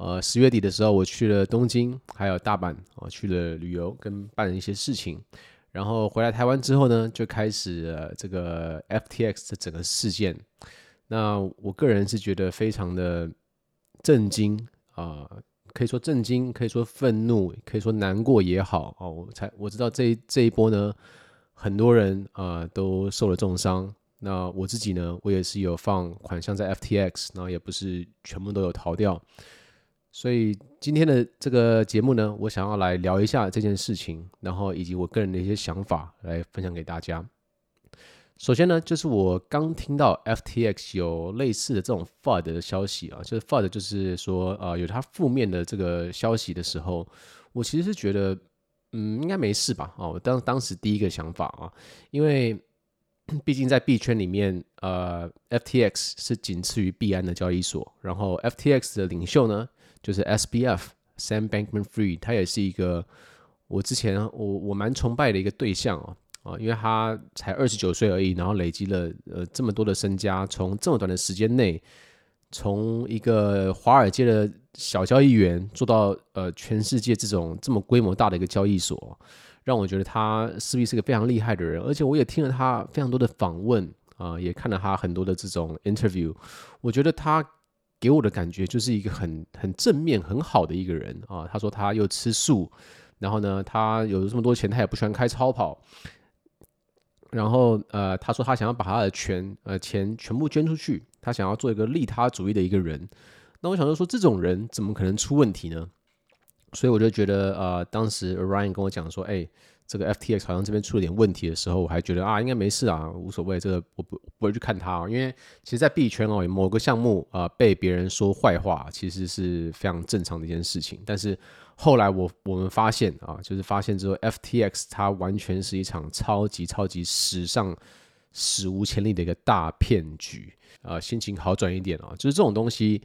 呃，十月底的時候，我去了東京，還有大阪，我、呃、去了旅遊跟辦了一些事情。然後回來台灣之後呢，就開始、呃、這個 FTX 的整個事件。那我個人是覺得非常的震驚啊、呃，可以說震驚，可以說憤怒，可以說難過也好啊、呃。我才我知道這這一波呢，很多人啊、呃、都受了重傷。那我自己呢，我也是有放款項在 FTX，然後也不是全部都有逃掉。所以今天的這個節目呢，我想要來聊一下這件事情，然後以及我個人的一些想法來分享給大家。首先呢，就是我剛聽到 FTX 有類似的這種 FUD 的消息啊，就是 FUD 就是說呃有它負面的這個消息的時候，我其實是覺得嗯，應該沒事吧？哦，我當當時第一個想法啊，因為畢竟在幣圈裡面，呃，FTX 是僅次於幣安的交易所，然後 FTX 的領袖呢。就是 SBF Sam Bankman-Fried，他也是一個我之前我我蠻崇拜的一個對象哦啊、呃，因為他才二十九歲而已，然後累積了呃這麼多的身家，從這麼短的時間內，從一個華爾街的小交易員做到呃全世界這種這麼規模大的一個交易所，讓我覺得他勢必是一個非常厲害的人，而且我也聽了他非常多的訪問啊、呃，也看了他很多的這種 interview，我覺得他。給我的感覺就是一個很很正面很好的一個人啊，他說他又吃素，然後呢，他有這麼多錢，他也不喜歡開超跑，然後呃，他說他想要把他的全呃錢全部捐出去，他想要做一個利他主義的一個人，那我想說說這種人怎麼可能出問題呢？所以我就覺得呃，當時 Ryan 跟我講說，哎、欸，這個 FTX 好像這邊出了點問題的時候，我還覺得啊，應該沒事啊，無所謂，這個我不我不會去看它啊。因為其實，在幣圈哦，某個項目啊、呃、被別人說壞話，其實是非常正常的一件事情。但是後來我我們發現啊，就是發現之後，FTX 它完全是一場超級超級史上史無前例的一個大騙局啊、呃。心情好轉一點啊、哦，就是這種東西。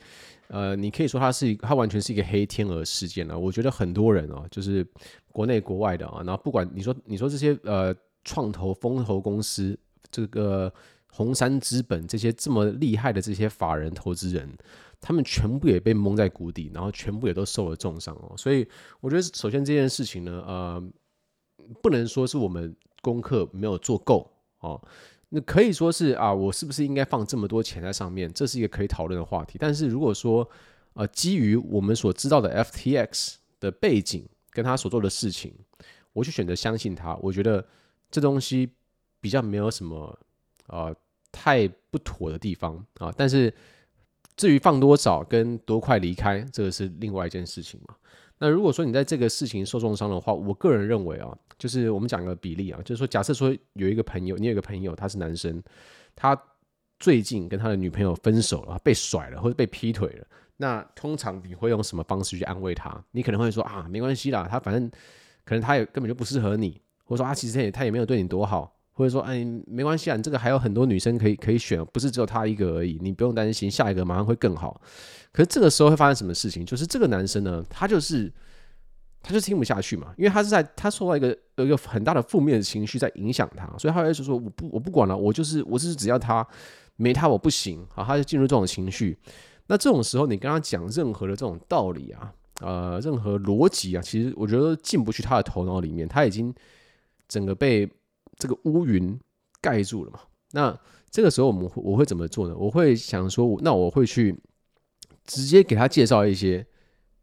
呃，你可以說它是它完全是一個黑天鵝事件了、啊。我覺得很多人哦、啊，就是國內國外的啊，然後不管你說你說這些呃，創投、風投公司，這個紅杉資本這些這麼厲害的這些法人投資人，他們全部也被蒙在鼓裡，然後全部也都受了重傷哦。所以我覺得首先這件事情呢，呃，不能說是我們功課沒有做夠哦。那可以說是啊，我是不是應該放這麼多錢在上面？這是一個可以討論的話題。但是如果說，呃、基於我們所知道的 FTX 的背景跟他所做的事情，我就選擇相信他，我覺得這東西比較沒有什麼啊、呃、太不妥的地方啊。但是至於放多少跟多快離開，這個是另外一件事情嘛。那如果說你在這個事情受重傷的話，我個人認為啊，就是我們講個比例啊，就是說，假設說有一個朋友，你有一個朋友，他是男生，他最近跟他的女朋友分手了，被甩了或者被劈腿了，那通常你會用什麼方式去安慰他？你可能會說啊，沒關係啦，他反正可能他也根本就不適合你，或者說啊，其實他也他也沒有對你多好。或者說，哎，沒關係啊，你這個還有很多女生可以可以選，不是只有他一個而已，你不用擔心，下一個馬上會更好。可是這個時候會發生什麼事情？就是這個男生呢，他就是，他就聽不下去嘛，因為他是在他受到一個有一個很大的負面的情緒在影響他，所以他就說：我不，我不管了，我就是我就是只要他沒他我不行啊！他就進入這種情緒。那這種時候，你跟他講任何的這種道理啊，呃，任何邏輯啊，其實我覺得進不去他的頭腦裡面，他已經整個被。這個烏雲蓋住了嘛。那這個時候我們會，我會怎麼做呢？我會想說，那我會去直接給他介紹一些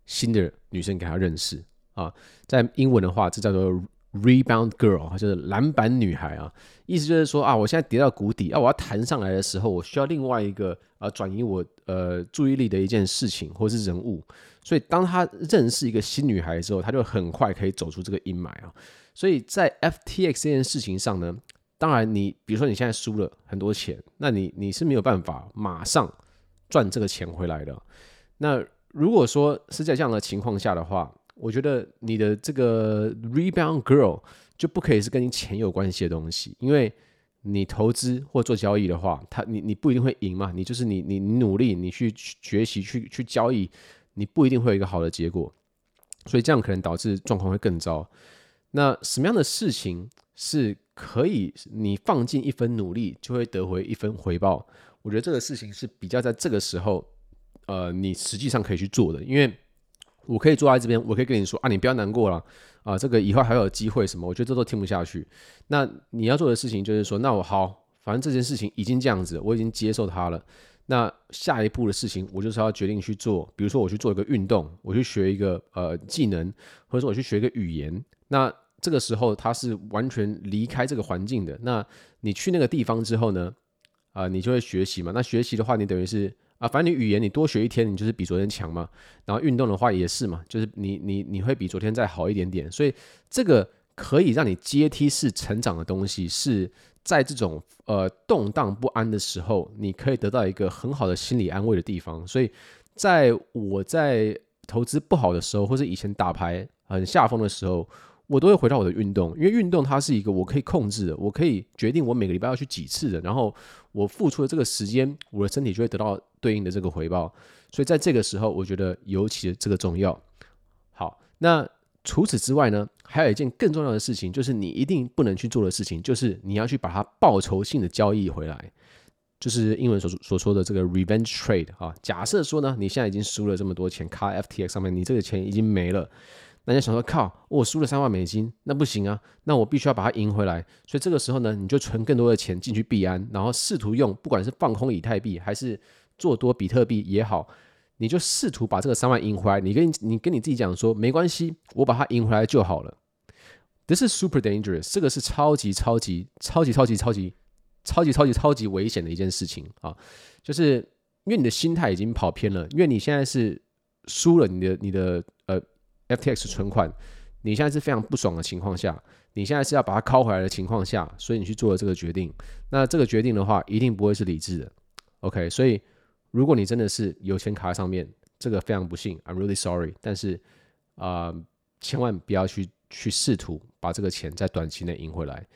新的女生給他認識啊。在英文的話，這叫做。Rebound girl，就是籃板女孩啊，意思就是說啊，我現在跌到谷底啊，我要彈上來的時候，我需要另外一個啊轉移我呃注意力的一件事情或是人物，所以當他認識一個新女孩的時候，他就很快可以走出這個陰霾啊。所以在 FTX 這件事情上呢，當然你比如說你現在輸了很多錢，那你你是沒有辦法馬上賺這個錢回來的。那如果說是在這樣的情況下的話，我覺得你的這個 rebound girl 就不可以是跟你錢有關係的東西，因為你投資或做交易的話，他你你不一定會贏嘛，你就是你你努力，你去學習去去交易，你不一定會有一個好的結果，所以這樣可能導致狀況會更糟。那什麼樣的事情是可以你放進一分努力就會得回一分回報？我覺得這個事情是比較在這個時候，呃，你實際上可以去做的，因為。我可以坐在這邊，我可以跟你說啊，你不要難過了啊、呃，這個以後還有機會什麼？我覺得這都聽不下去。那你要做的事情就是說，那我好，反正這件事情已經這樣子了，我已經接受它了。那下一步的事情，我就是要決定去做，比如說我去做一個運動，我去學一個呃技能，或者說我去學一個語言。那這個時候，它是完全離開這個環境的。那你去那個地方之後呢？啊、呃，你就會學習嘛。那學習的話，你等於是。啊，反正你語言你多學一天，你就是比昨天強嘛。然後運動的話也是嘛，就是你你你會比昨天再好一點點。所以這個可以讓你階梯式成長的東西，是在這種呃動盪不安的時候，你可以得到一個很好的心理安慰的地方。所以在我在投資不好的時候，或是以前打牌很下風的時候，我都會回到我的運動，因為運動它是一個我可以控制的，我可以決定我每個禮拜要去幾次的。然後我付出的這個時間，我的身體就會得到對應的這個回報，所以在這個時候，我覺得尤其這個重要。好，那除此之外呢，還有一件更重要的事情，就是你一定不能去做的事情，就是你要去把它報酬性的交易回來，就是英文所所說的這個 revenge trade 啊。假設說呢，你現在已經輸了這麼多錢，卡 FTX 上面，你這個錢已經沒了，那你想說靠，我輸了三萬美金，那不行啊，那我必須要把它贏回來。所以這個時候呢，你就存更多的錢進去幣安，然後試圖用不管是放空以太幣還是做多比特幣也好，你就試圖把這個三萬贏回來。你跟你，你跟你自己講說，沒關係，我把它贏回來就好了。This is super dangerous，這個是超級超級超級超級超級，超級超級超級超級超級危險的一件事情啊！就是因為你的心態已經跑偏了，因為你現在是輸了你的你的呃 FTX 存款，你現在是非常不爽的情況下，你現在是要把它拷回來的情況下，所以你去做了這個決定。那這個決定的話，一定不會是理智的。OK，所以。如果你真的是有錢卡在上面，這個非常不幸，I'm really sorry。但是，啊、呃，千萬不要去去試圖把這個錢在短期內贏回來。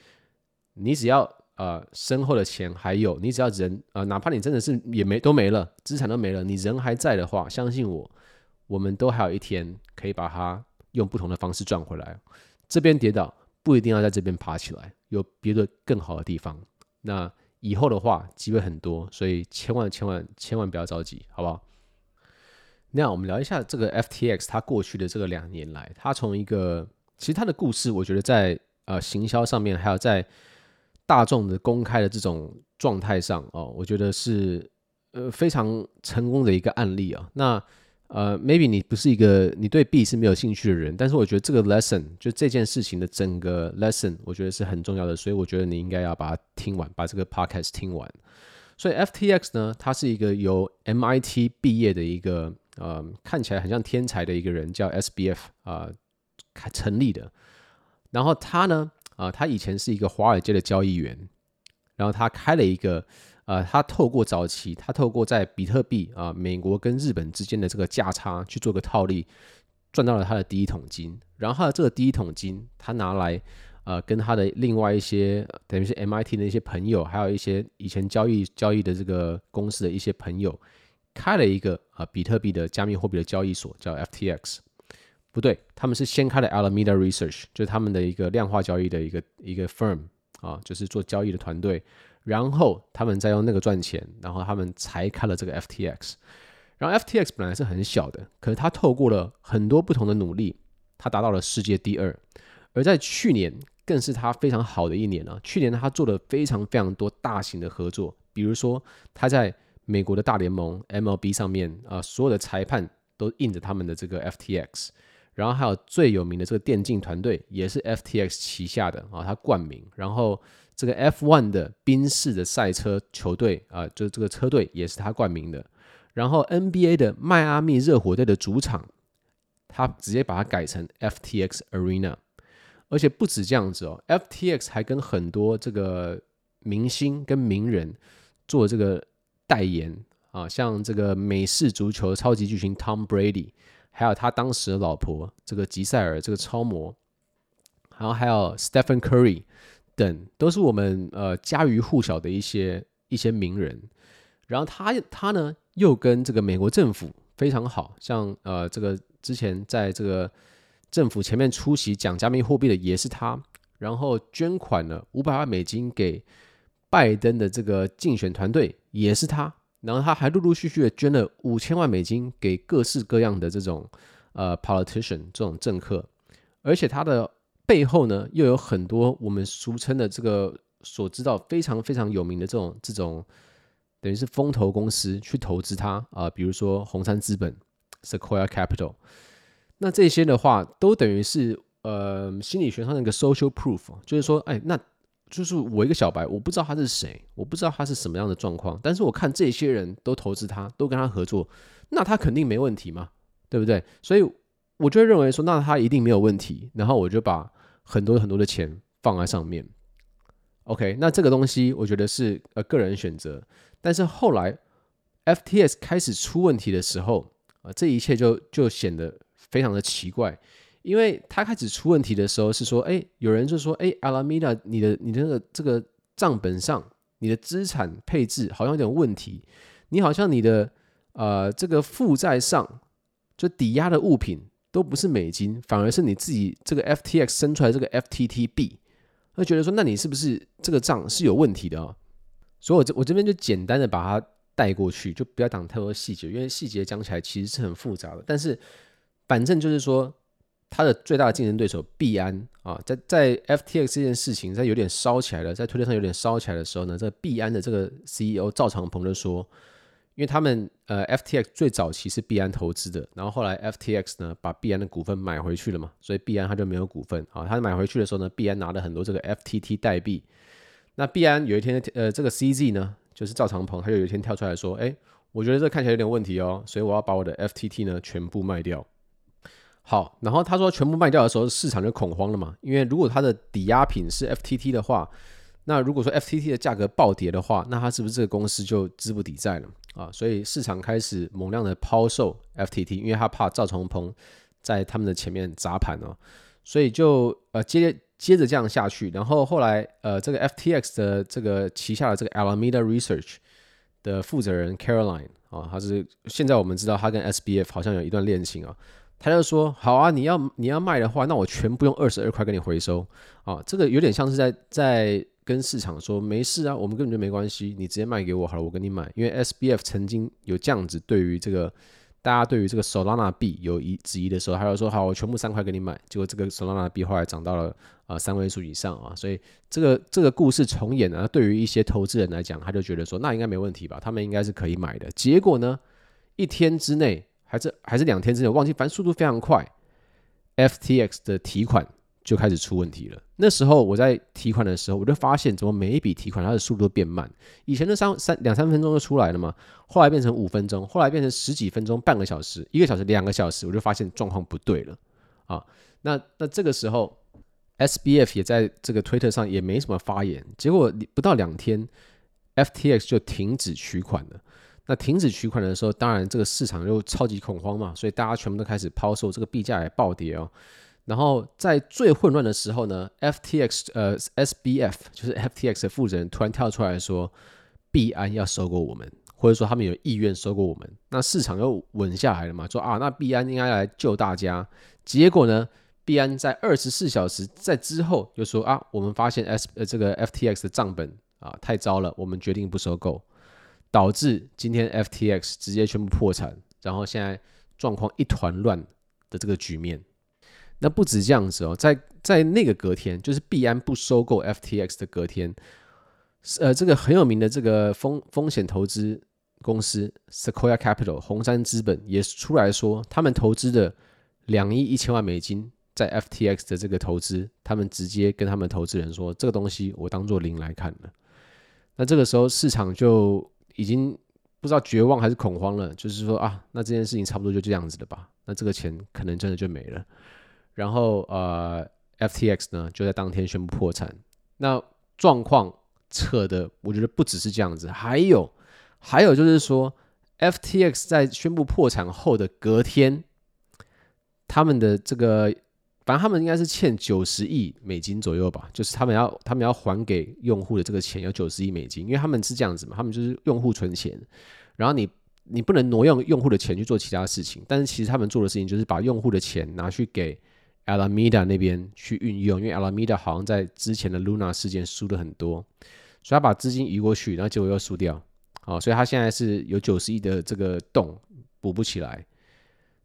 你只要呃身後的錢還有，你只要人啊、呃，哪怕你真的是也沒都沒了，資產都沒了，你人還在的話，相信我，我們都還有一天可以把它用不同的方式賺回來。這邊跌倒不一定要在這邊爬起來，有別的更好的地方。那。以後的話，機會很多，所以千萬千萬千萬不要着急，好不好？那我們聊一下這個 FTX，它過去的這個兩年來，它從一個其實它的故事，我覺得在呃行銷上面，還有在大眾的公開的這種狀態上哦，我覺得是呃非常成功的一個案例啊、哦。那呃、uh，maybe 你不是一個你對 B 是沒有興趣的人，但是我覺得這個 lesson 就這件事情的整個 lesson，我覺得是很重要的，所以我覺得你應該要把它聽完，把這個 podcast 聽完。所以 FTX 呢，它是一個由 MIT 畢業的一個呃看起來很像天才的一個人叫 SBF 啊、呃、成立的，然後他呢啊、呃、他以前是一個華爾街的交易員，然後他開了一個。呃，他透過早期，他透過在比特幣啊，美國跟日本之間的這個價差去做個套利，賺到了他的第一桶金。然後他的這個第一桶金，他拿來呃，跟他的另外一些等於是 MIT 的一些朋友，還有一些以前交易交易的這個公司的一些朋友，開了一個呃、啊，比特幣的加密貨幣的交易所，叫 FTX。不對，他們是先開了 Alameda Research，就是他們的一個量化交易的一個一個 firm 啊，就是做交易的團隊。然後他們再用那個賺錢，然後他們才開了這個 FTX。然後 FTX 本來是很小的，可是他透過了很多不同的努力，他達到了世界第二。而在去年，更是他非常好的一年啊。去年他做了非常非常多大型的合作，比如說他在美國的大聯盟 MLB 上面啊，所有的裁判都印着他們的這個 FTX。然後還有最有名的這個電競團隊，也是 FTX 旗下的啊，他冠名。然後。這個 F1 的賓士的賽車球隊啊，就這個車隊也是他冠名的。然後 NBA 的邁阿密熱火隊的主場，他直接把它改成 FTX Arena。而且不止這樣子哦，FTX 還跟很多這個明星跟名人做這個代言啊，像這個美式足球超級巨星 Tom Brady，還有他當時的老婆這個吉賽爾這個超模，然後還有 Stephen Curry。等都是我們呃家喻戶曉的一些一些名人，然後他他呢又跟這個美國政府非常好，像呃這個之前在這個政府前面出席講加密貨幣的也是他，然後捐款了五百萬美金給拜登的這個競選團隊也是他，然後他還陸陸續續的捐了五千萬美金給各式各樣的這種呃 politician 這種政客，而且他的。背後呢，又有很多我們俗稱的這個所知道非常非常有名的這種這種，等於是風投公司去投資他啊、呃，比如說紅杉資本、Sequoia Capital，那這些的話，都等於是呃心理學上那個 social proof，就是說，哎，那就是我一個小白，我不知道他是誰，我不知道他是什麼樣的狀況，但是我看這些人都投資他，都跟他合作，那他肯定沒問題嘛，對不對？所以我就認為說，那他一定沒有問題，然後我就把。很多很多的錢放在上面，OK，那這個東西我覺得是呃個人選擇，但是後來 FTS 開始出問題的時候，啊、呃，這一切就就顯得非常的奇怪，因為他開始出問題的時候是說，哎、欸，有人就說，哎、欸，Alameda，你的你的這個賬本上，你的資產配置好像有點問題，你好像你的呃這個負債上，就抵押的物品。都不是美金，反而是你自己這個 FTX 生出來這個 FTT 幣，他覺得說，那你是不是這個賬是有問題的哦、啊？所以我這我這邊就簡單的把它帶過去，就不要講太多細節，因為細節講起來其實是很複雜的。但是反正就是說，他的最大的競爭對手幣安啊，在在 FTX 這件事情在有點燒起來了，在推特上有點燒起來的時候呢，這個、幣安的這個 CEO 趙長鵬就說。因為他們呃，FTX 最早期是幣安投資的，然後後來 FTX 呢把幣安的股份買回去了嘛，所以幣安他就沒有股份啊。他買回去的時候呢，幣安拿了很多這個 FTT 代幣。那幣安有一天呃，這個 CZ 呢，就是趙長鵬，他就有一天跳出來說：“哎，我覺得這看起來有點問題哦，所以我要把我的 FTT 呢全部賣掉。”好，然後他說全部賣掉的時候，市場就恐慌了嘛，因為如果他的抵押品是 FTT 的話，那如果說 FTT 的價格暴跌的話，那他是不是這個公司就資不抵債了？啊，所以市場開始猛量的拋售 F T T，因為他怕趙長鵬在他們的前面砸盤哦、啊，所以就呃接接着，這樣下去，然後後來呃這個 F T X 的這個旗下的這個 Alameda Research 的負責人 Caroline 啊，他是現在我們知道他跟 S B F 好像有一段戀情啊，他就說好啊，你要你要賣的話，那我全部用二十二塊給你回收啊，這個有點像是在在。跟市場說沒事啊，我們根本就沒關係，你直接賣給我好了，我跟你買。因為 SBF 曾經有這樣子，對於這個大家對於這個 Solana 幣有疑質疑的時候，他就說好，我全部三塊給你買。結果這個 Solana 幣後來漲到了啊、呃、三位數以上啊，所以這個這個故事重演啊。對於一些投資人來講，他就覺得說那應該沒問題吧，他們應該是可以買的。結果呢，一天之內還是還是兩天之內，我忘記，反正速度非常快，FTX 的提款。就開始出問題了。那時候我在提款的時候，我就發現怎麼每一筆提款它的速度都變慢。以前的三三兩三分鐘就出來了嘛，後來變成五分鐘，後來變成十幾分鐘、半個小時、一個小時、兩個小時，我就發現狀況不對了啊。那那這個時候，SBF 也在這個推特上也沒什麼發言。結果不到兩天，FTX 就停止取款了。那停止取款的時候，當然這個市場又超級恐慌嘛，所以大家全部都開始拋售，這個幣價也暴跌哦。然後在最混亂的時候呢，FTX 呃 SBF 就是 FTX 的負責人突然跳出來說，幣安要收購我們，或者說他們有意願收購我們。那市場又穩下來了嘛，說啊，那幣安應該來救大家。結果呢，幣安在二十四小時在之後又說啊，我們發現 S 呃這個 FTX 的賬本啊太糟了，我們決定不收購，導致今天 FTX 直接全部破產，然後現在狀況一團亂的這個局面。那不止這樣子哦，在在那個隔天，就是幣安不收購 FTX 的隔天，呃，這個很有名的這個風風險投資公司 Sequoia Capital 紅杉資本也是出來說，他們投資的兩億一千萬美金在 FTX 的這個投資，他們直接跟他們投資人說，這個東西我當做零來看了。那這個時候市場就已經不知道絕望還是恐慌了，就是說啊，那這件事情差不多就這樣子了吧？那這個錢可能真的就沒了。然後呃，FTX 呢就在當天宣布破產。那狀況扯的，我覺得不只是這樣子，還有，還有就是說，FTX 在宣布破產後的隔天，他們的這個，反正他們應該是欠九十億美金左右吧，就是他們要他們要還給用戶的這個錢有九十億美金，因為他們是這樣子嘛，他們就是用戶存錢，然後你你不能挪用用戶的錢去做其他事情，但是其實他們做的事情就是把用戶的錢拿去給。Alameda 那邊去運用，因為 Alameda 好像在之前的 Luna 事件輸了很多，所以他把資金移過去，然後結果又輸掉，哦，所以他現在是有九十億的這個洞補不起來。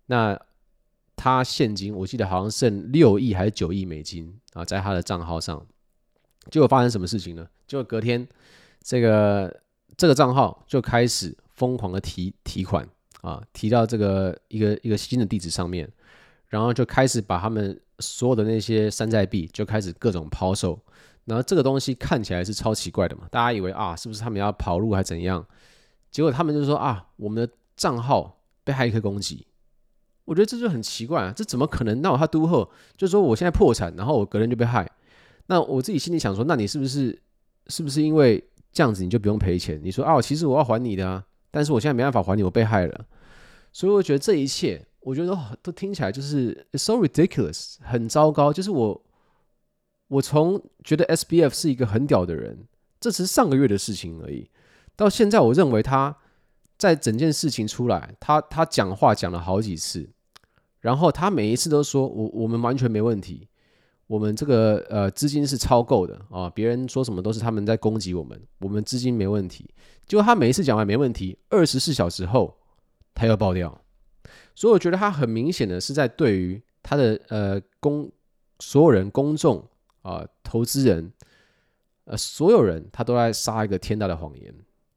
那他現金我記得好像剩六億還是九億美金啊，在他的賬號上，結果發生什麼事情呢？結果隔天這個這個賬號就開始瘋狂的提提款啊，提到這個一個一個新的地址上面。然後就開始把他們所有的那些山寨幣就開始各種拋售，然後這個東西看起來是超奇怪的嘛，大家以為啊，是不是他們要跑路還怎樣？結果他們就說啊，我們的賬號被黑客攻擊，我覺得這就很奇怪，啊，這怎麼可能？那他都後就說我現在破產，然後我個人就被害，那我自己心裡想說，那你是不是是不是因為這樣子你就不用賠錢？你說啊，其實我要還你的啊，但是我現在沒辦法還你，我被害了，所以我覺得這一切。我覺得都，都聽起來就是 it's so ridiculous，很糟糕。就是我我從覺得 SBF 是一個很屌的人，這是上個月的事情而已。到現在，我認為他在整件事情出來，他他講話講了好幾次，然後他每一次都說我我們完全沒問題，我們這個呃資金是超夠的啊。呃、別人說什麼都是他們在攻擊我們，我們資金沒問題。就他每一次講完沒問題，二十四小時後他又爆掉。所以我覺得他很明顯的是在對於他的呃公、所有人公眾啊投資人呃、啊、所有人他都在撒一個天大的謊言，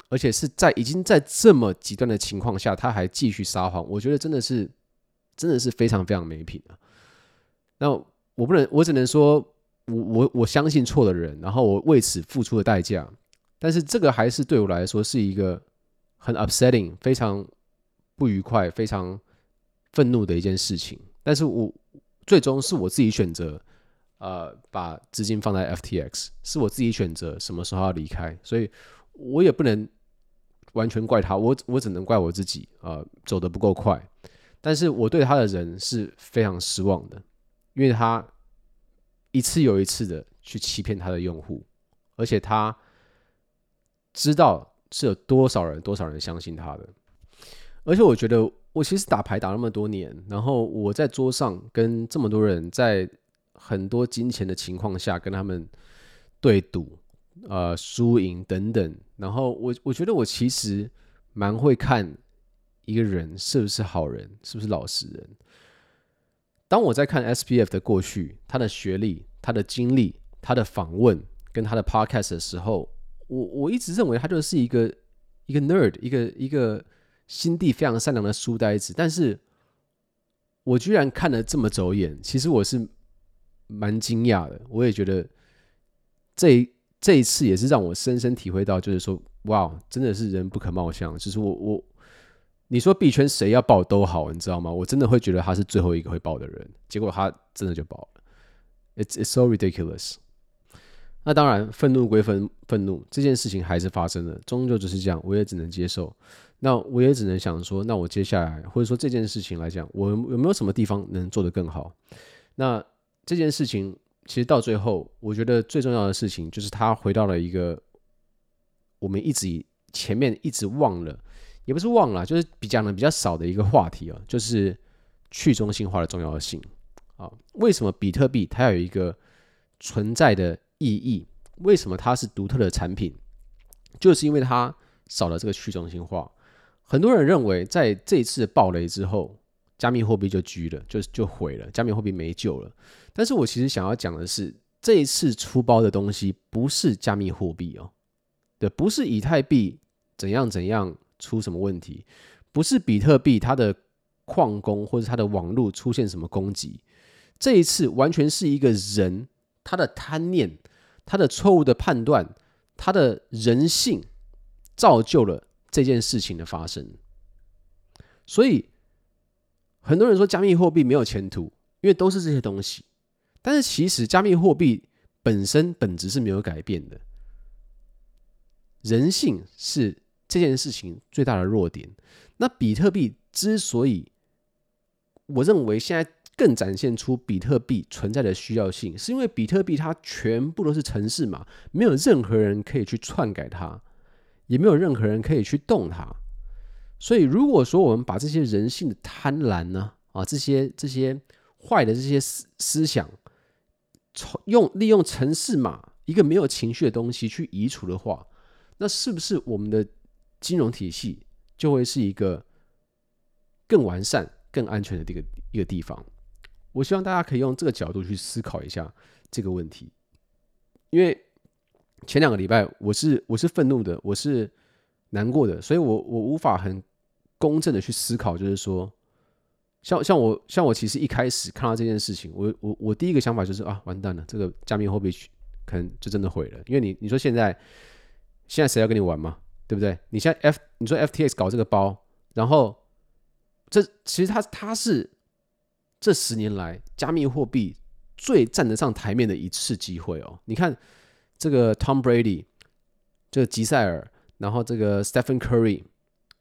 而且是在已經在這麼極端的情況下，他還繼續撒謊，我覺得真的是真的是非常非常沒品啊！那我不能，我只能說，我我我相信錯的人，然後我為此付出的代價，但是這個還是對我來說是一個很 upsetting，非常不愉快，非常。憤怒的一件事情，但是我最終是我自己選擇，呃，把資金放在 FTX，是我自己選擇什麼時候要離開，所以我也不能完全怪他，我我只能怪我自己啊、呃，走得不夠快。但是我對他的人是非常失望的，因為他一次又一次的去欺騙他的用戶，而且他知道是有多少人多少人相信他的，而且我覺得。我其實打牌打那麼多年，然後我在桌上跟這麼多人在很多金錢的情況下跟他們對賭，呃，輸贏等等。然後我我覺得我其實蠻會看一個人是不是好人，是不是老實人。當我在看 SPF 的過去、他的學歷、他的經歷、他的訪問跟他的 Podcast 的時候，我我一直認為他就是一個一個 nerd，一個一個。一個心地非常善良的書呆子，但是我居然看了這麼走眼，其實我是蠻驚訝的。我也覺得這一這一次也是讓我深深體會到，就是說，哇、wow，真的是人不可貌相。就是我我你說幣圈誰要爆都好，你知道嗎？我真的會覺得他是最後一個會爆的人，結果他真的就爆了。It's it's so ridiculous。那當然，憤怒歸憤憤怒，這件事情還是發生了，終究只是這樣，我也只能接受。那我也只能想說，那我接下來或者說這件事情來講，我有沒有什麼地方能做得更好？那這件事情其實到最後，我覺得最重要的事情就是它回到了一個我們一直前面一直忘了，也不是忘了，就是比較呢比較少的一個話題哦，啊，就是去中心化的重要性啊。為什麼比特幣它有一個存在的意義？為什麼它是獨特的產品？就是因為它少了這個去中心化。很多人認為，在這一次的暴雷之後，加密貨幣就居了，就就毀了，加密貨幣沒救了。但是我其實想要講的是，這一次出包的東西不是加密貨幣哦，對，不是以太幣怎樣怎樣出什麼問題，不是比特幣它的礦工或者它的網路出現什麼攻擊，這一次完全是一個人他的貪念、他的錯誤的判斷、他的人性造就了。這件事情的發生，所以很多人說加密貨幣沒有前途，因為都是這些東西。但是其實加密貨幣本身本質是沒有改變的，人性是這件事情最大的弱點。那比特幣之所以，我認為現在更展現出比特幣存在的需要性，是因為比特幣它全部都是程式碼嘛，沒有任何人可以去篡改它。也沒有任何人可以去動它，所以如果說我們把這些人性的貪婪呢，啊,啊，這些這些壞的這些思想，從用利用程式碼，一個沒有情緒的東西去移除的話，那是不是我們的金融體系就會是一個更完善、更安全的一個一個地方？我希望大家可以用這個角度去思考一下這個問題，因為。前兩個禮拜，我是我是憤怒的，我是難過的，所以我我無法很公正的去思考，就是說，像像我像我，其實一開始看到這件事情，我我我第一個想法就是啊，完蛋了，這個加密貨幣可能就真的毀了，因為你你說現在現在誰要跟你玩嘛，對不對？你現在 F 你說 FTX 搞這個包，然後這其實它它是這十年來加密貨幣最站得上台面的一次機會哦，你看。這個 Tom Brady，這個吉賽爾，然後這個 Stephen Curry，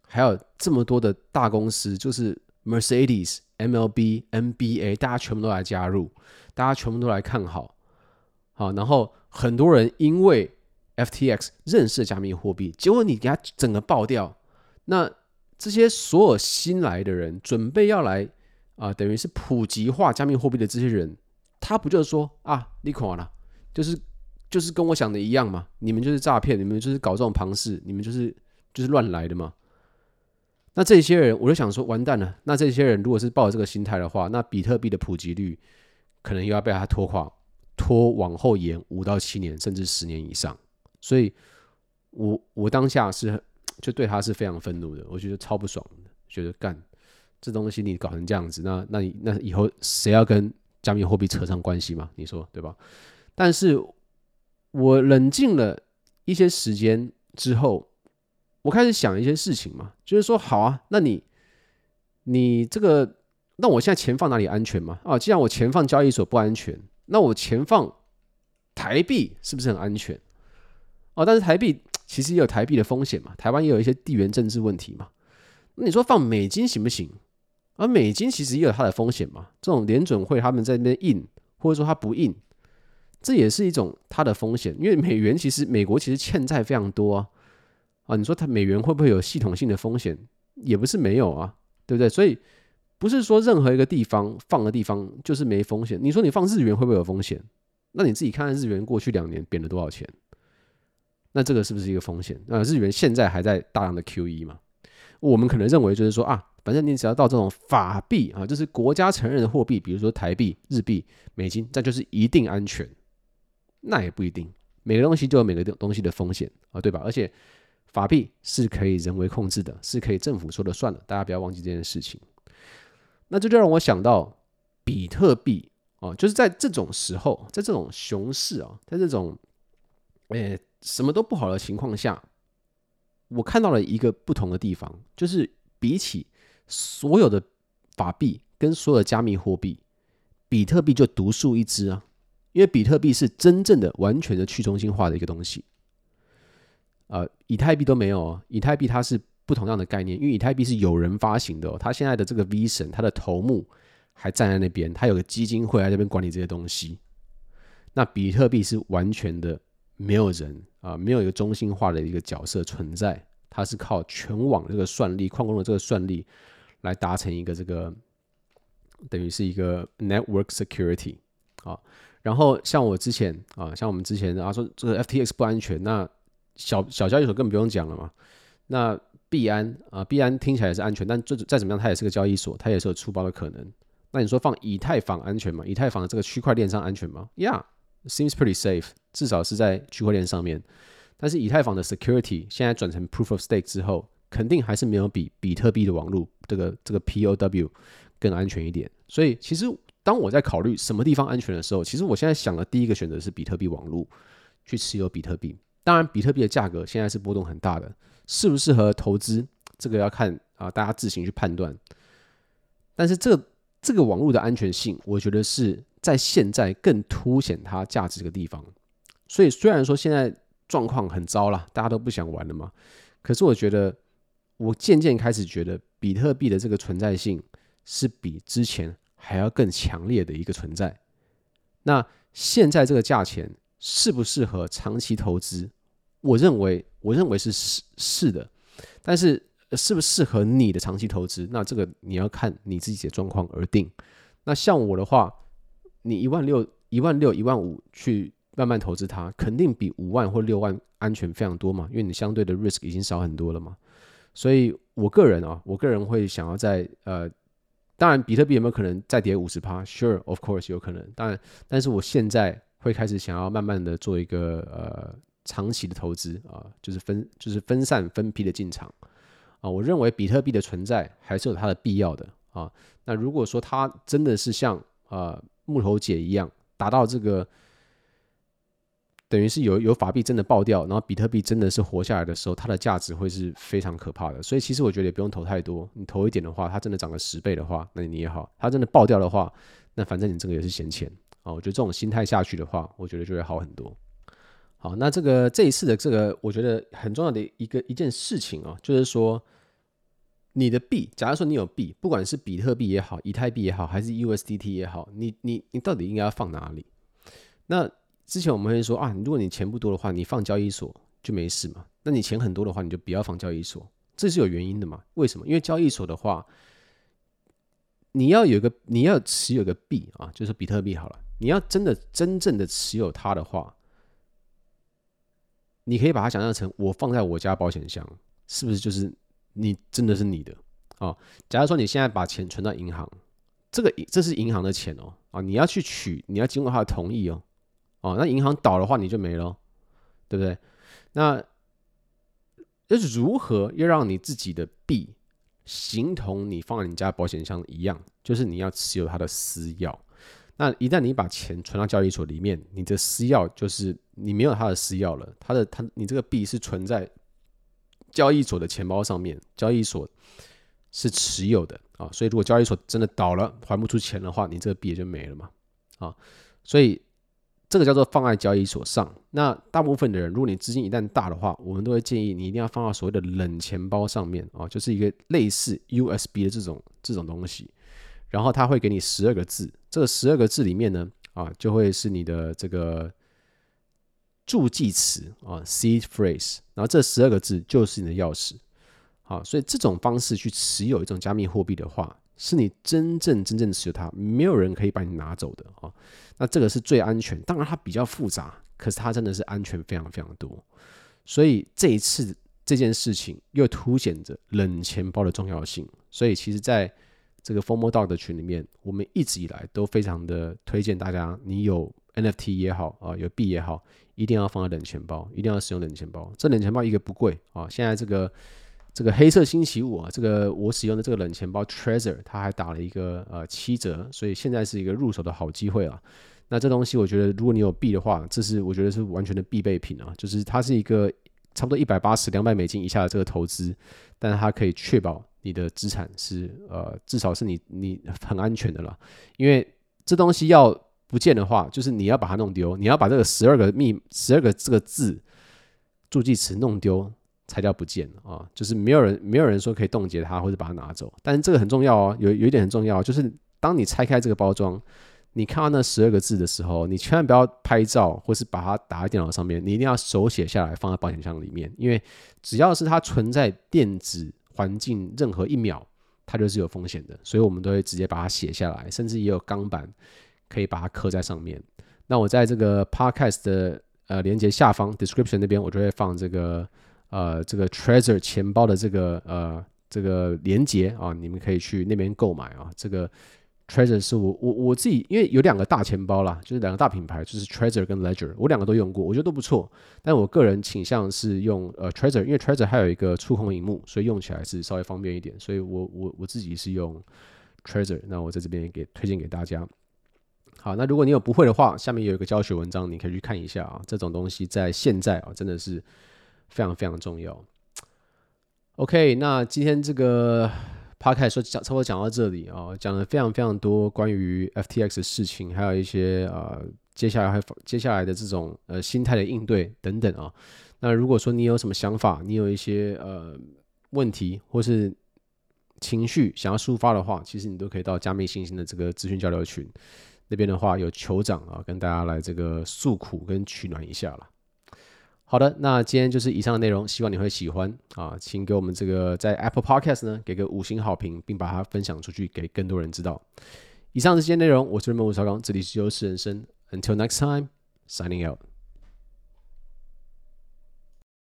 還有這麼多的大公司，就是 Mercedes、MLB、NBA，大家全部都來加入，大家全部都來看好，好，然後很多人因為 FTX 認識加密貨幣，結果你給他整個爆掉，那這些所有新來的人，準備要來啊、呃，等於是普及化加密貨幣的這些人，他不就是說啊，你虧完了，就是。就是跟我想的一樣嘛，你們就是詐騙，你們就是搞這種龐氏，你們就是就是亂來的嘛。那這些人，我就想說，完蛋了。那這些人如果是抱着這個心態的話，那比特幣的普及率可能又要被他拖垮，拖往後延五到七年，甚至十年以上。所以我，我我當下是就對他是非常憤怒的，我覺得超不爽，覺得干這東西你搞成這樣子，那那你那以後誰要跟加密貨幣扯上關係嘛？嗯。你說對吧？但是。我冷靜了一些時間之後，我開始想一些事情嘛，就是說，好啊，那你，你這個，那我現在錢放哪裡安全嘛？啊，既然我錢放交易所不安全，那我錢放台幣是不是很安全？哦，但是台幣其實也有台幣的風險嘛，台灣也有一些地緣政治問題嘛。那你說放美金行不行啊？而美金其實也有它的風險嘛，這種聯準會他們在那邊印，或者說它不印。這也是一種它的風險，因為美元其實美國其實欠債非常多啊，啊，你說它美元會不會有系統性的風險？也不是沒有啊，對不對？所以不是說任何一個地方放的地方就是沒風險。你說你放日元會不會有風險？那你自己看看日元過去兩年貶了多少錢，那這個是不是一個風險？啊，那日元現在還在大量的 QE 嘛？我們可能認為就是說啊，反正你只要到這種法幣啊，就是國家承認的貨幣，比如說台幣、日幣、美金，這就是一定安全。那也不一定，每個東西都有每個東東西的風險啊，對吧？而且法幣是可以人為控制的，是可以政府說了算的，大家不要忘記這件事情。那這就讓我想到比特幣啊，就是在這種時候，在這種熊市啊，在這種誒、欸、什麼都不好的情況下，我看到了一個不同的地方，就是比起所有的法幣跟所有的加密貨幣，比特幣就獨樹一幟啊。因為比特幣是真正的，完全的去中心化的一個東西、呃，啊，以太幣都沒有、哦。以太幣它是不同樣的概念，因為以太幣是有人發行的、哦，它現在的這個 V 神它的頭目還站在那邊，它有個基金會在這邊管理這些東西。那比特幣是完全的沒有人啊、呃，沒有一個中心化的一個角色存在，它是靠全網這個算力、礦工的這個算力來達成一個這個，等於是一個 network security 啊、哦。然後像我之前啊，像我們之前啊說這個 F T X 不安全，那小小交易所根本不用講了嘛。那幣安啊，幣安聽起來是安全，但最再怎麼樣，它也是個交易所，它也是有出包的可能。那你說放以太坊安全嗎？以太坊的這個區塊鏈上安全嗎？Yeah，seems pretty safe，至少是在區塊鏈上面。但是以太坊的 security 現在轉成 proof of stake 之後，肯定還是沒有比比特幣的網絡這個這個 P O W 更安全一點。所以其實。當我在考慮什麼地方安全的時候，其實我現在想的第一個選擇是比特幣網絡去持有比特幣。當然，比特幣的價格現在是波動很大的，適不適合投資，這個要看啊，大家自行去判斷。但是這這個網絡的安全性，我覺得是在現在更凸顯它價值的地方。所以雖然說現在狀況很糟了，大家都不想玩了嘛，可是我覺得我漸漸開始覺得比特幣的這個存在性是比之前。還要更強烈的一個存在。那現在這個價錢適不適合長期投資？我認為，我認為是是是的。但是適不適合你的長期投資？那這個你要看你自己的狀況而定。那像我的話，你一萬六、一萬六、一萬五去慢慢投資它，肯定比五萬或六萬安全非常多嘛，因為你相對的 risk 已經少很多了嘛。所以，我個人啊，我個人會想要在呃。當然，比特幣有沒有可能再跌五十趴？Sure，of course，有可能。當然，但是我現在會開始想要慢慢的做一個呃長期的投資啊、呃，就是分就是分散分批的進場啊、呃。我認為比特幣的存在還是有它的必要的啊、呃。那如果說它真的是像啊、呃、木頭姐一樣達到這個。等於是有有法幣真的爆掉，然後比特幣真的是活下來的時候，它的價值會是非常可怕的。所以其實我覺得也不用投太多，你投一點的話，它真的漲了十倍的話，那你也好；它真的爆掉的話，那反正你這個也是閒錢啊。我覺得這種心態下去的話，我覺得就會好很多。好，那這個這一次的這個我覺得很重要的一個一件事情啊、喔，就是說你的幣，假如說你有幣，不管是比特幣也好，以太幣也好，還是 USDT 也好，你你你到底應該要放哪裡？那？之前我們會說啊，如果你錢不多的話，你放交易所就沒事嘛。那你錢很多的話，你就不要放交易所，這是有原因的嘛？為什麼？因為交易所的話，你要有個你要持有個幣啊，就是比特幣好了。你要真的真正的持有它的話，你可以把它想象成我放在我家保險箱，是不是就是你真的是你的啊？假如說你現在把錢存到銀行，這個這是銀行的錢哦，啊，你要去取，你要經過他的同意哦。哦，那銀行倒的話，你就沒了，對不對？那要如何要讓你自己的幣，形同你放在你家保險箱一樣，就是你要持有它的私鑰。那一旦你把錢存到交易所裡面，你的私鑰就是你沒有它的私鑰了，它的它你這個幣是存在交易所的錢包上面，交易所是持有的啊、哦。所以如果交易所真的倒了，還不出錢的話，你這個幣也就沒了嘛。啊、哦，所以。這個叫做放在交易所上。那大部分的人，如果你資金一旦大的話，我們都會建議你一定要放到所謂的冷錢包上面哦，就是一個類似 USB 的這種這種東西。然後它會給你十二個字，這十二個字裡面呢啊，就會是你的這個助記詞啊，seed phrase。C、phr ase, 然後這十二個字就是你的鑰匙。好、啊，所以這種方式去持有一種加密貨幣的話。是你真正真正的持有它，沒有人可以把你拿走的啊、哦。那這個是最安全，當然它比較複雜，可是它真的是安全非常非常多。所以這一次這件事情又凸顯着冷錢包的重要性。所以其實在這個風魔道的群裡面，我們一直以來都非常的推薦大家，你有 NFT 也好啊，有幣也好，一定要放在冷錢包，一定要使用冷錢包。這冷錢包一個不貴啊，現在這個。這個黑色星期五啊，這個我使用的這個冷錢包 Trezor，它還打了一個呃七折，所以現在是一個入手的好機會啊。那這東西我覺得，如果你有幣的話，這是我覺得是完全的必備品啊。就是它是一個差不多一百八十兩百美金以下的這個投資，但是它可以確保你的資產是呃至少是你你很安全的了。因為這東西要不見的話，就是你要把它弄丟，你要把這個十二個密十二個這個字助記詞弄丟。拆掉不見啊！就是沒有人，沒有人說可以凍結它或者把它拿走。但是這個很重要哦，有有一點很重要，就是當你拆開這個包裝，你看到那十二個字的時候，你千萬不要拍照或是把它打在電腦上面，你一定要手寫下來放在保險箱裡面。因為只要是它存在電子環境，任何一秒它就是有風險的。所以我們都會直接把它寫下來，甚至也有鋼板可以把它刻在上面。那我在這個 Podcast 的呃連結下方 Description 那邊，我就會放這個。呃，這個 Trezor 錢包的這個呃這個連結啊，你們可以去那邊購買啊。這個 Trezor 是我我我自己，因為有兩個大錢包啦，就是兩個大品牌，就是 Trezor 跟 Ledger，我兩個都用過，我覺得都不錯。但我個人傾向是用呃 Trezor，因為 Trezor 還有一個觸控螢幕，所以用起來是稍微方便一點。所以我我我自己是用 Trezor，那我在這邊也給推薦給大家。好，那如果你有不會的話，下面有一個教學文章，你可以去看一下啊。這種東西在現在啊，真的是。非常非常重要。OK，那今天這個 podcast 說講差不多講到這裡啊、哦，講了非常非常多關於 FTX 的事情，還有一些啊、呃，接下來還接下來的這種呃心態的應對等等啊、哦。那如果說你有什麼想法，你有一些呃問題或是情緒想要抒發的話，其實你都可以到加密猩猩的這個資訊交流群那邊的話，有酋長啊跟大家來這個訴苦跟取暖一下了。好的，那今天就是以上的內容，希望你會喜歡啊！請給我們這個在 Apple Podcast 呢給個五星好評，並把它分享出去，給更多人知道。以上這些內容，我是 Raymond Wu 超剛，這裡是優勢人生，Until next time，signing out。